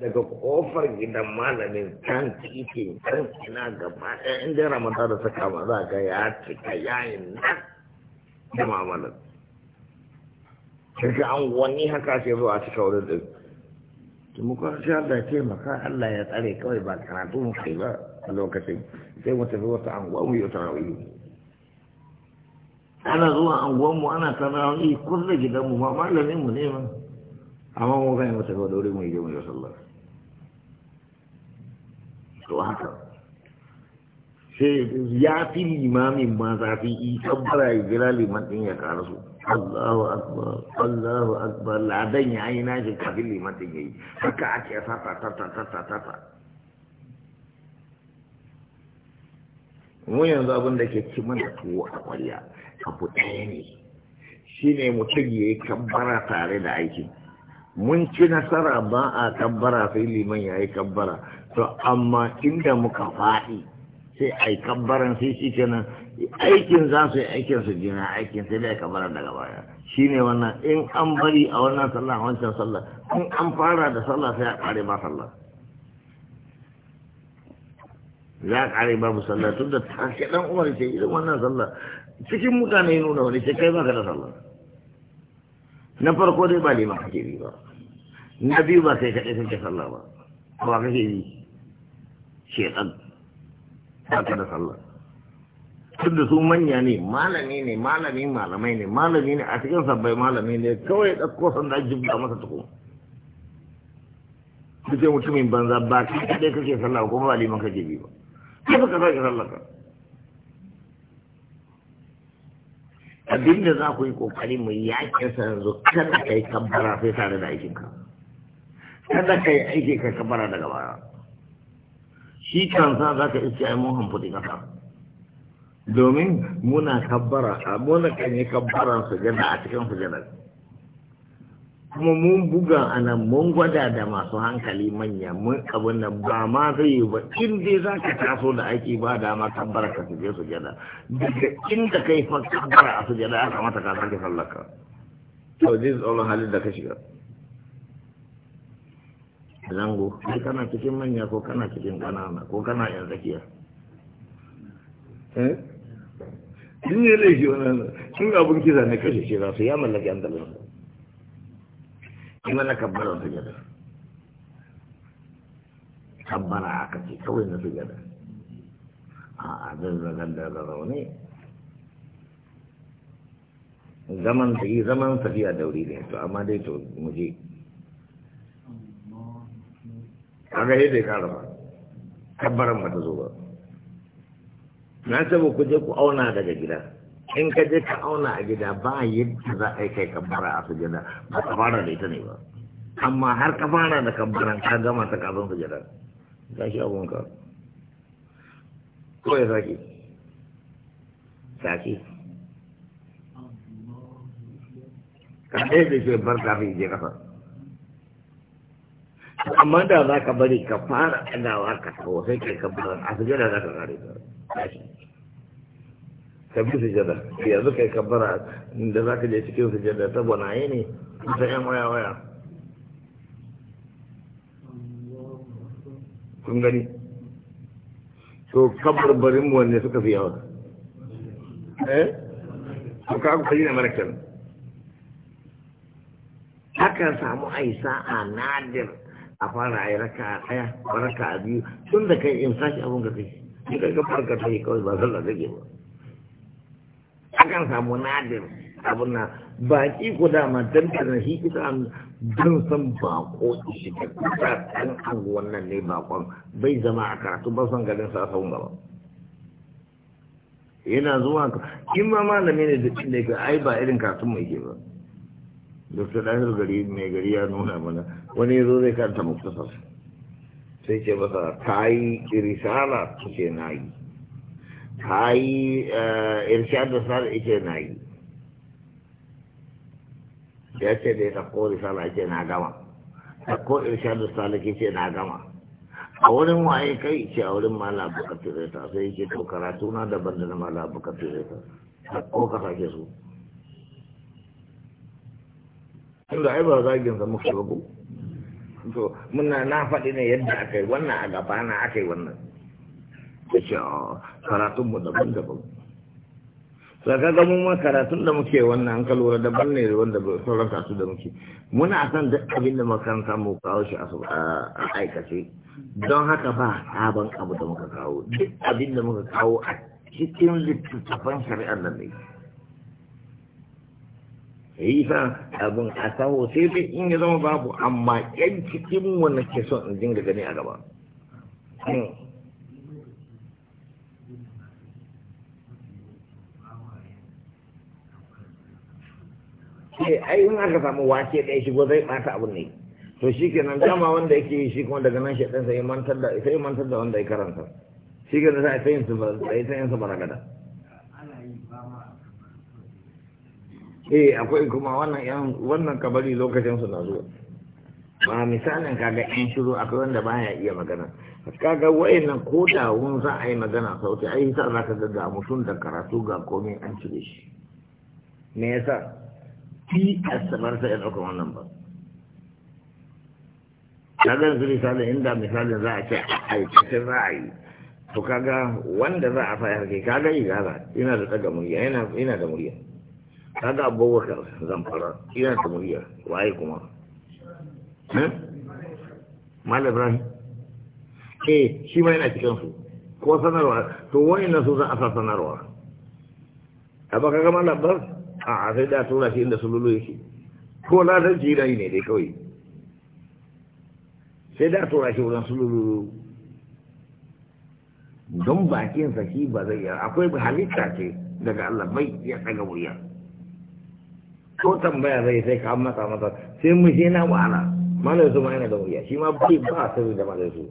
daga kofar gidan malamin kan titin kan ina gaba ɗaya inda ramata da saka ba za ga ya cika yayin nan da mamalar kirka an wani haka sai zuwa cika wurin ɗin to mu kwan sai Allah ya taimaka Allah ya tsare kawai ba karatu mu kai ba a lokacin sai mu tafi wata anguwa mu yi wata rawiyu ana zuwa anguwan mu ana ta rawiyu da gidan mu ma malamin mu ne ma amma mu ga mu tafi da wuri mu yi mu yi wasu Allah. to haka sai ya fi limamin ma zafi yi tabbara ya jira liman din ya karasu Allahu akbar Allahu akbar ladan ya yi nashi kafin liman din ya yi haka ake sata tata tata tata mu yanzu abin da ke ci mana tuwo a kwarya abu ɗaya ne shi ne mutum ya yi kabbara tare da aikin mun ci nasara ba a kabbara sai liman ya yi kabbara to amma inda muka faɗi sai a yi kabbaran sai shi kenan aikin za su yi aikin su jina aikin sai dai kabbara daga baya shi ne wannan in an bari a wannan sallah a wancan sallah in an fara da sallah sai a ƙare ba sallah za a ƙare mu sallah tun da take dan uwar ce irin wannan sallah cikin mutane ya nuna wani ce kai ka da sallah na farko dai ba liman kake bi ba na biyu ba sai kaɗai ke sallah ba ba kake bi shekan ta da sallah tun da su manya ne malami ne malami malamai ne malami ne a cikin sabbai malami ne kawai da sanda jibga masa tuku duk sai mutumin banza ba yi kaɗai kake sallah kuma ba liman kake bi ba kai baka sake sallah ka abinda za ku yi kokari mu yakin sa yanzu kada kai kabbara sai tare da aikinka kada kai aiki ka kabbara daga baya shi kansa za ka iske ai mun hamfuɗi kasa domin muna kabbara a muna kan yi kabbara sujada a cikin sujada kuma mun buga a nan mun gwada da masu hankali manya mun abin da ba ma zai yi ba in dai za ka taso da aiki ba dama kabbara ka suje sujada daga inda ka yi kabbara a sujada ya kamata ka sake sallaka to is tsoron halin da ka shiga zango ko kana cikin manya ko kana cikin ƙanana ko kana yan tsakiya eh din ne laifi wannan sun abun kisa ne kashe shi za su ya mallaki an dalilin kuma na kabbara sujada kabbara aka ce kawai na sujada a abin zagan da zarau ne zaman ta yi zaman tafiya dauri ne to amma dai to muje kaga yadda ya kara ba tabbaran ba ta zo ba na ce ba ku je ku auna daga gida in ka je ka auna a gida ba yadda za a yi kai kabbara a sujada ba ka fara da ita ne ba amma har ka fara da kabbaran ka gama ta kafin sujada ga shi abun ka ko ya sake sake ka ɗaya da ke bar kafin je kasa amma da za ka bari ka fara ɗagawa ka tawo sai kai ka bar a sujada za ka kare ka ka bi sujada yanzu kai ka bar da za ka je cikin sujada ta yi ne ta yan waya waya kun gani to mu wanne suka fi yawa eh ka abu kaji na marakan haka samu aisa a nadir a fara a yi raka a ɗaya a raka a biyu tun da kai in sashi abin ka kai shi kai ka farka ta yi kawai ba sallah take ba akan samu nadir abin na baki guda ma, dan na shi ita an dan san bako shi ka kusa dan an wannan ne bakon bai zama a karatu ba son garin sa sau gaba yana zuwa in ma malami ne da cin da ai ba irin karatun mai ke ba dr dahil gari mai gari ya nuna mana wani ya zo zai kanta muktasar sai ce masa ta yi risala ce na yi ta yi eh, irisala da ce na yi ya ce dai ta ko risala ce na gama tako irshad da ke ce na gama a wurin waye kai ce a wurin mala zai ta sai ce to karatu na daban da na mala zai ta ko kasa ke su tunda ai ba zagin sa muka ba to muna na faɗi ne yadda aka yi wannan a gaba na aka yi wannan da ce ah, karatun mu daban-daban saka ga mu ma karatun da muke wannan an kalora daban ne wanda sauran kasu da muke muna san duk abin da makaranta mu kawo shi a aikace don haka ba sabon abu da muka kawo duk abin da muka kawo a cikin littattafan shari'ar da ne isa eh, abin a saho sai dai in ya zama babu amma yan cikin mu ke so in dinga gani a gaba sai hmm. eh, ai in aka samu wake ɗaya shigo zai ɓata abin ne to shi kenan dama wanda yake yi shi kuma daga nan shaɗin sai mantar da mantar da wanda ya karanta shi kenan sai ta yin su ba sai ta su ba eh akwai kuma wannan yan wannan kabari lokacin su na zuwa ba misalin kaga yan shiru akwai wanda baya iya magana kaga wayannan ko da wun za a yi magana sauti ai sa za ka ga mutum da karatu ga komai an cire shi me yasa fi asabar sa ya dauka wannan ba kaga yanzu misalin inda misalin za a ce aikace za a yi to kaga wanda za a fayar kai kaga igala ina da daga murya ina da murya kaga abubakar zamfara ina ta murya waye kuma eh? malam ran eh shi ma yana cikin su ko sanarwa to na su za a sa sanarwa abaka ga malam bar a sai da tura shi inda sululu yake ko ladan jirai ne dai kawai sai da tura shi wurin sululu don bakinsa shi ba zai yi akwai halitta ce daga Allah bai ya tsaga wuya ko tambaya zai sai ka masa masa sai mu shi na wahala malam su ma yana da wuya shi ma bai ba sirri da malam su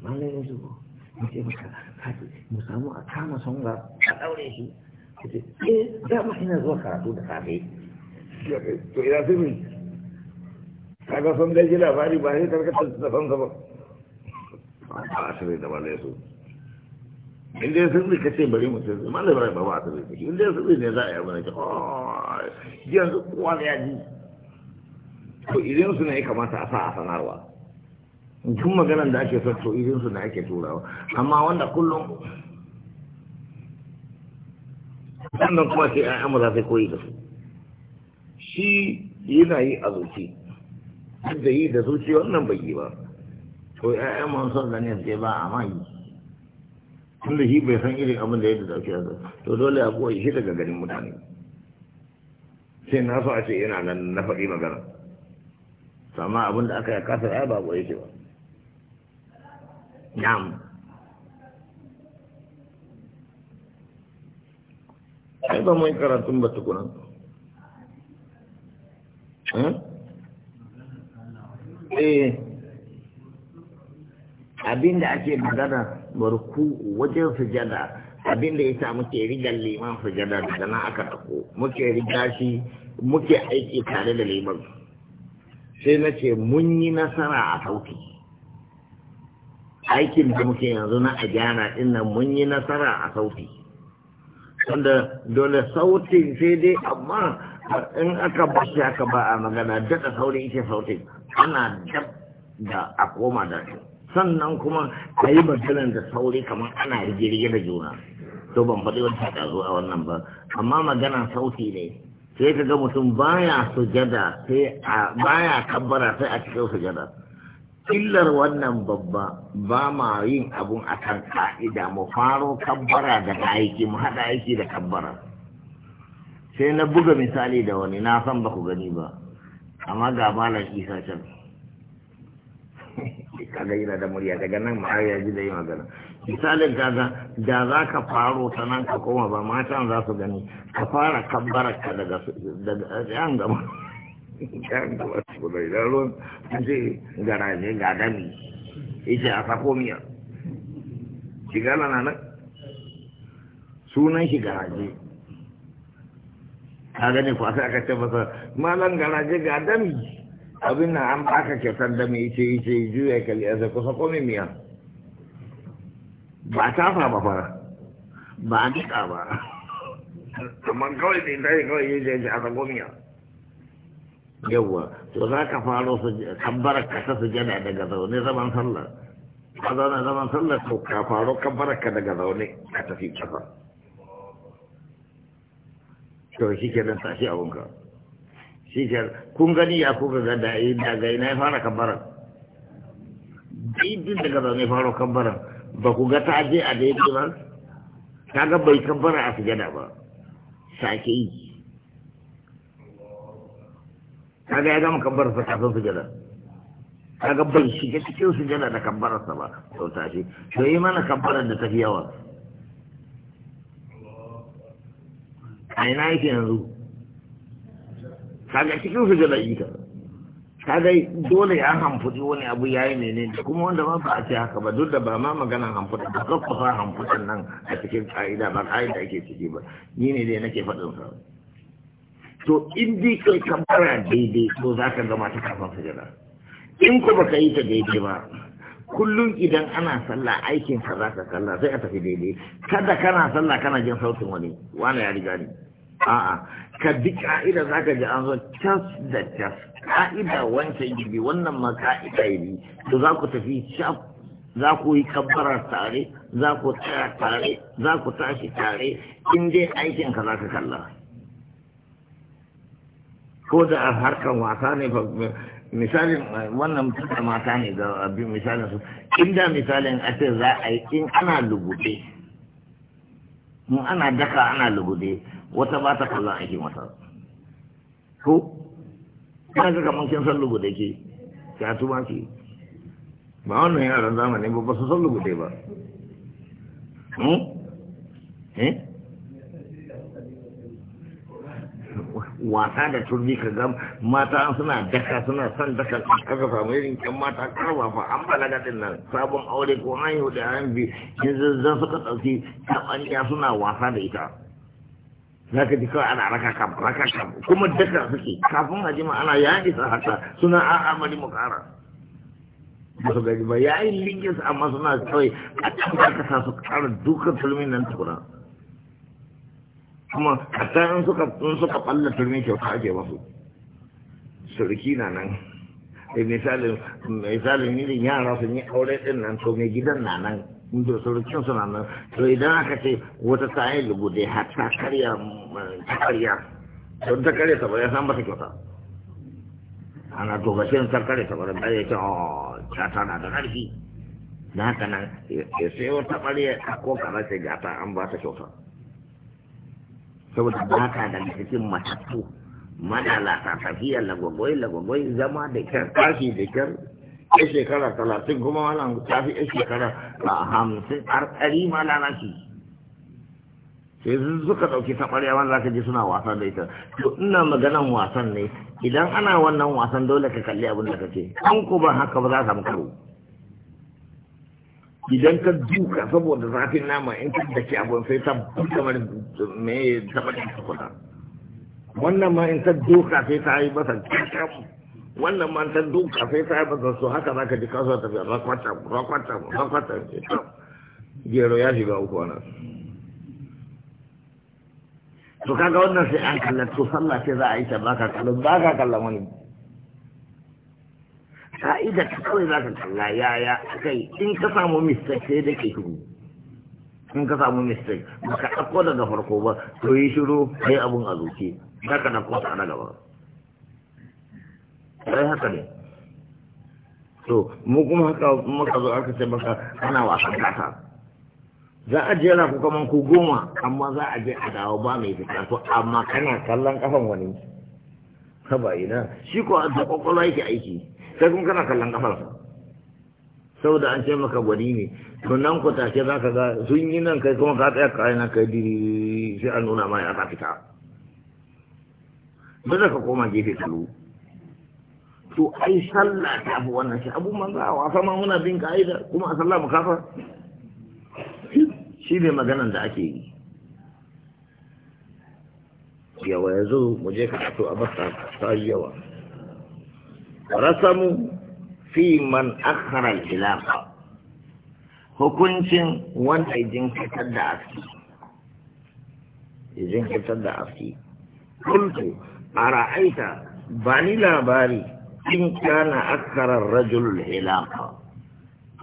malam su mu ce maka kaji mu samu a kama songa a daure shi eh dama ina zuwa karatu da safe to ina sirri kaga son gaji labari ba sai tarkatar da son ba a sirri da malam su in dai sirri ka ce bari mutum zai malam rai ba ba ta zai in dai sirri ne za a yi da na ce yanzu kowa ne ya ji to idan su ne kamata a sa a sanarwa kun magana da ake son to idan su ne ake turawa amma wanda kullum wannan kuma sai an amura sai koyi da su shi yana yi a zuci da yi da zuci wannan bai yi ba to ya'yan mun son ganin sai ba a ma yi tun shi bai san irin abin da ya da a yanzu to dole a koyi shi daga garin mutane sai na so a ce yana nan na faɗi magana amma abin da aka yi kasa ya ba koyi shi ba na'am ai ba mun karatun ba tukunan eh, eh. abinda ake magana barku wajen sujada abinda ya sa muke rigar liman sujada daga nan aka dako muke riga shi muke aiki tare da liman sai na ce mun yi nasara a sauki aikin da muke yanzu na a gyara ɗin mun yi nasara a sauki wanda dole sautin sai dai amma in aka ba shi aka ba a magana daɗa sauri ita sautin ana dab da a koma da shi sannan kuma a yi maganar da sauri kamar ana rigirgi da juna to ban faɗi wata zo a wannan ba amma magana sauti ne sai ka ga mutum baya sujada sai a baya kabbara sai a cikin sujada illar wannan babba ba ma yin abun a kan ka'ida mu faro kabbara da aiki mu haɗa aiki da kabbara sai na buga misali da wani na san ba ku gani ba amma ga malam isa can shi kaga yana da murya daga nan ma ya ji da yi magana misalin kaga da za ka faro ta nan ka koma ba matan za su gani ka fara kabbarar ka daga daga, yan gaba yan gaba su da idan ruwan ce garaje ga dami ita a sako miya shiga na nan sunan shi garaje ka gani ko sai aka ce masa malam garaje ga dami abin nan an baka kyautar da mai ce ce juya kalli a kusa komi miya ba ta fa ba fara ba a nika ba amma kawai da ita yi kawai yaje a komi miya yawwa to za ka faro su kabbar ka ta jana daga zaune zaman sallah ka zaune zaman sallah to ka faro kabbar ka daga zaune ka tafi kasa to shi kenan tashi abunka shi kun gani ya kuka ga da yi daga na ya fara kabbaran daidin daga da ya fara kabbaran ba ku ga ta je a daidai ba ta ga bai kabbara a gada ba sake yi ga ya gama kabbara sa kafin ta ga bai shiga cikin gada da kabbararsa ba sau tashi to yi mana kabbaran da ta fi yawa a ina yake yanzu kaga cikin su da ita kaga dole ya hamfuɗi wani abu ya yi kuma wanda ba a ce haka ba duk da ba ma maganan hamfuɗi ba ka kusa hamfuɗin nan a cikin ka'ida ba ka'ida ake ciki ba ni ne dai nake faɗin sa to in dai kai ka bara daidai to za ka zama ta kafin jala, in ko baka yi ta daidai ba kullum idan ana sallah aikin ka za ka sallah sai a tafi daidai kada kana sallah kana jin sautin wani wani ya riga ni a'a ka bi ka'ida za ka ji an zo cas da cas ka'ida wancan gibi wannan ma ka'ida yi to za ku tafi shaf za ku yi kabbara tare za ku tsaya tare za ku tashi tare in dai aikin ka za ka kalla ko da a harkar wasa ne misalin wannan mutum mata ne ga abin misalin su inda misalin a ce za a yi in ana lugude mu ana daka ana lugude wata ba ta kallon aikin mata ko kana ga kamar kin san lugu da ke ka tuma ki ba wannan yaran zamani ba ba su san lugu dai ba hmm? eh? wasa da turbi ka ga mata suna daka suna san daka kaga samu irin kan mata karwa fa an balaga din nan sabon aure ko an yi da an bi yanzu zan suka ɗauki taɓanya suna wasa da ita za ka ji kawai ana raka kam raka kam kuma daka suke kafin hajima ana ya sa haka suna a'a bari mu kara ba su gaji ba ya yi linkin su amma suna kawai a can ba ka sa su kara dukkan turmin nan tukuna kuma hatta in suka in suka balla turmin kyauta ake masu surki na nan misalin misalin irin yara sun yi aure din nan to mai gidan na nan da surukin suna nan to idan aka ce wata ta yi lugude har ta karya ta eh, karya don ta karya ta bari san ba kyauta ana to ba ta karya ta bari bai ta ta ta na da ƙarfi na haka nan ya sai wata bari a ko kara sai gata an ba ta kyauta saboda ba ta da cikin matattu mana la tafiya lagwagwai lagwagwai zama da kyar kashi da kyar ya shekara talatin kuma malam ta fi ya shekara a hamsin har ɗari ma lalaci sai suka ɗauki ta ƙwarya wanda zaka ji suna wasan da ita to ina maganan wasan ne idan ana wannan wasan dole ka kalli abin da kake an ko ba haka ba za ka mu karo idan ka duka saboda zafin nama in ka dake abu sai ta kamar me ta bada kuɗa wannan ma in ka duka sai ta yi masa kakam wannan man ta duka sai ta haifar su haka za ka ji kasuwa biya rakwata rakwata rakwata gero ya shiga uku wannan to kaga wannan sai an kalla to sallah ce za a yi ta baka kallon baka kallon wani ka'ida ta kawai za ka kalla yaya kai in ka samu mistake sai da ke shiru in ka samu mistake ba ka ɗauko daga farko ba to yi shiru kai abun a zuci za ka ɗauko ta na gaba sai haka ne to mu kuma haka muka zo aka ce maka ana wasan kasa za a jera ku kaman ku goma amma za a je a dawo ba mai fita to amma kana kallon kafan wani ba ina shi ko da kwakwalwa yake aiki sai kuma kana kallon kafar saboda an ce maka gwani ne to nan ku take za ka ga sun yi nan kai kuma ka tsaya ka aina kai diri sai an nuna ma ya ta fita ba za ka koma gefe kalu to ai sallah ta abu wannan shi abu za a wasa ma muna bin ka'ida kuma a sallah mu kafa shi ne maganan da ake yi yawa ya zo mu je karatu a basa ta yi yawa rasamu fi man akhara al-ilaqa hukuncin wanda jinkatar da aski jinkatar da aski kultu ara'aita bani ba ni labari إن كان أكثر الرجل العلاقة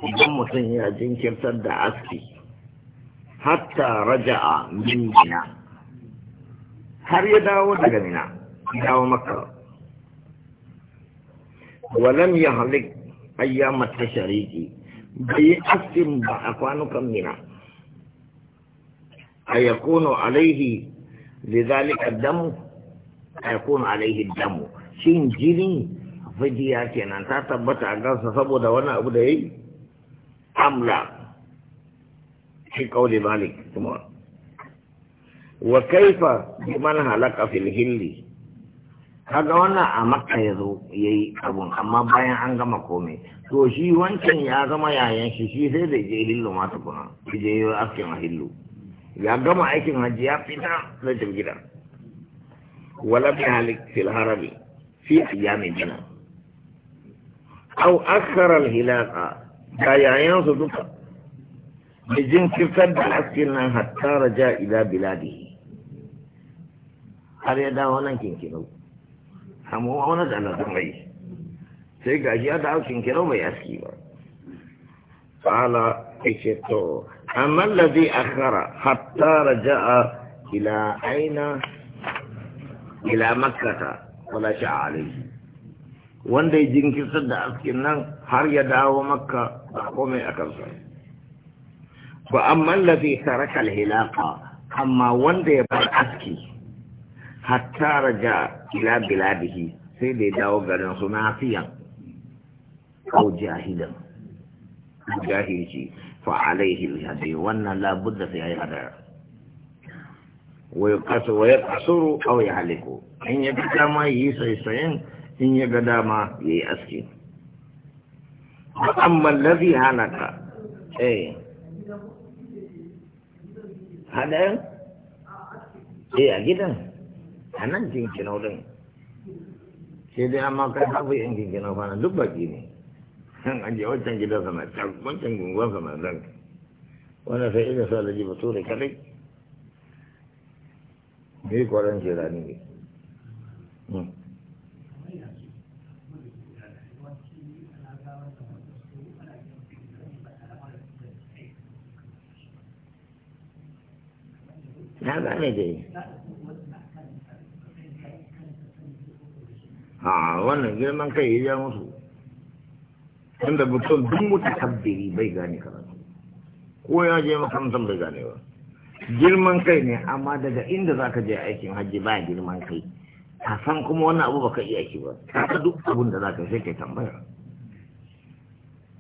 إذن مسنيا جنكر تد أسكي حتى رجع من منا هل يداو دقى منا يداو مكة ولم يهلك أيام التشريكي بأسم بأخوانك منا أيكون عليه لذلك الدم أيكون عليه الدم شين جيني fidiya kenan ta tabbata a gansa saboda wani abu da yi amla shi qawli malik kuma wa kaifa biman halaka fil hilli kaga wannan a makka ya zo ya yi abun amma bayan an gama komai to shi wancan ya zama yayan shi shi sai da je hillu ma tukuna shi je yi askin a hillu ya gama aikin hajji ya fita na gida wala bi halik fil harabi fi ayyamin jinan أو أكثر الهلاك لا يعين صدقا بجن كفد حسنا حتى رجاء إلى بلاده هل يدا هنا كنكرو هم هو هنا جانا دمعي سيقا جيادا أو كنكرو ما يسكي فعلا إشتو أما الذي أخر حتى رجاء إلى أين إلى مكة ولا شاء عليه wanda ya jinkirtar da askin nan har ya dawo makka ba komai a kansa ba amma lafi taraka hilaka amma wanda ya bar aski hatta raja ila biladihi sai da ya dawo garin su nafiyan ko jahilan jahilci fa alaihi alhadi wannan labudda sai yayi hadaya wa wa yaqsuru aw yahliku in ya ma yi sai in ya ga dama ya yi aski amma lafi halaka eh hadayen eh a gidan a nan jinkinau din sai dai amma kai haɓu yin jinkinau fana duk baki ne an ajiye wancan gidan sama can wancan gungon sama zan wanda sai ina sa da jiba tura kadai ne kwaron shirani ne na gane dai a wannan girman kai ya musu inda mutum duk tabbiri bai gane karatu ko ya je makarantar bai gane ba girman kai ne amma daga inda za ka je aikin hajji ba girman kai ka san kuma wani abu ba ka iya shi ba ta ka duk abin da za ka sai ka tambaya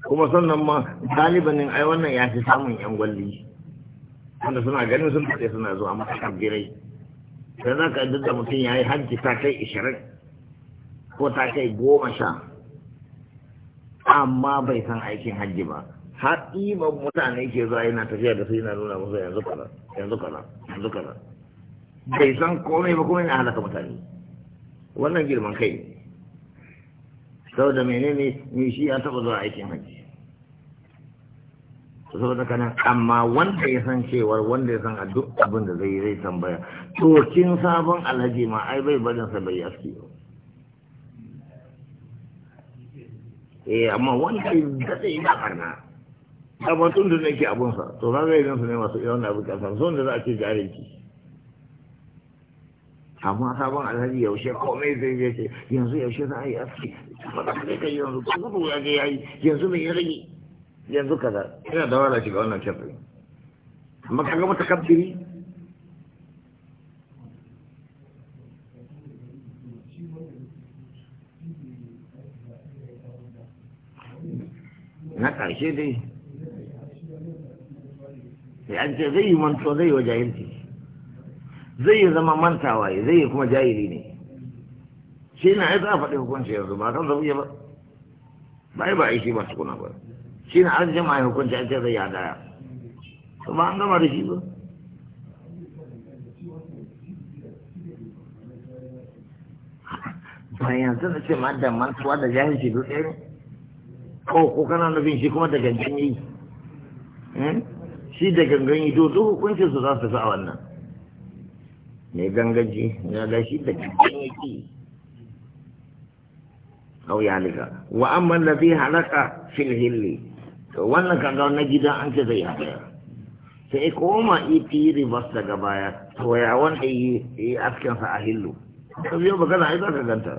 kuma sannan ma galibanin ai wannan ya fi samun yan gwalli wanda suna ganin sun fade suna zuwa maka birai sai za ka da mutum ya yi hajji ta kai ishirin ko ta kai goma sha amma bai san aikin hajji ba har ɗiban mutane ke zuwa yana tafiya da su yana nuna musu yanzu kaza yanzu kaza yanzu kaza bai san komai ba kuma yana halaka mutane wannan girman kai ne saboda menene ne shi ya taɓa zuwa aikin hajji so da kanan amma wanda ya san cewar wanda ya san a duk abin da zai zai tambaya to kin sabon alhaji ma ai bai barin sa bai aski eh amma wanda ya dade ina barna tun da nake abun sa to za zai su ne masu irin abu kasan son da za a ce jarinki amma sabon alhaji yaushe komai zai je ce yanzu yaushe za a yi aski ba da kai yanzu ko ya je yayi yanzu me yari. rage yanzu kaza ina da wala shiga wannan sharri amma kaga mutakabbiri na ƙarshe dai sai an ce zai yi manto zai yi wa jahilci zai yi zama mantawa zai yi kuma jahili ne shi na ya za a faɗi hukunci yanzu ba kan zabuye ba ba ba a yi shi ba su kuna ba shi na arzikin jama'a hukunci an ce zai ya daya ba an gama da shi ba ba yanzu zan ce ma da mantuwa da shi duk ɗaya ko ko kana nufin shi kuma da gangan yi hmm? shi da gangan yi dozu hukuncin su za su fi a wannan mai gangaji ya da shi da gangan yi أو يعلق وأما الذي علق في الهلي to wannan kaga na gidan an ce zai haɗa sai koma iti e rivers daga baya to ya wanda yi sa a hillu ka biyo ba gana za ka ganta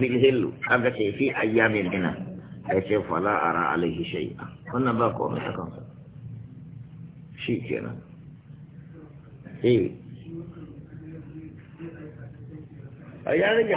fili hillu aka ce fi ayyamin ina ya ce fala ra alaihi shay'a wannan ba komai a kansa shi kenan eh a ya rage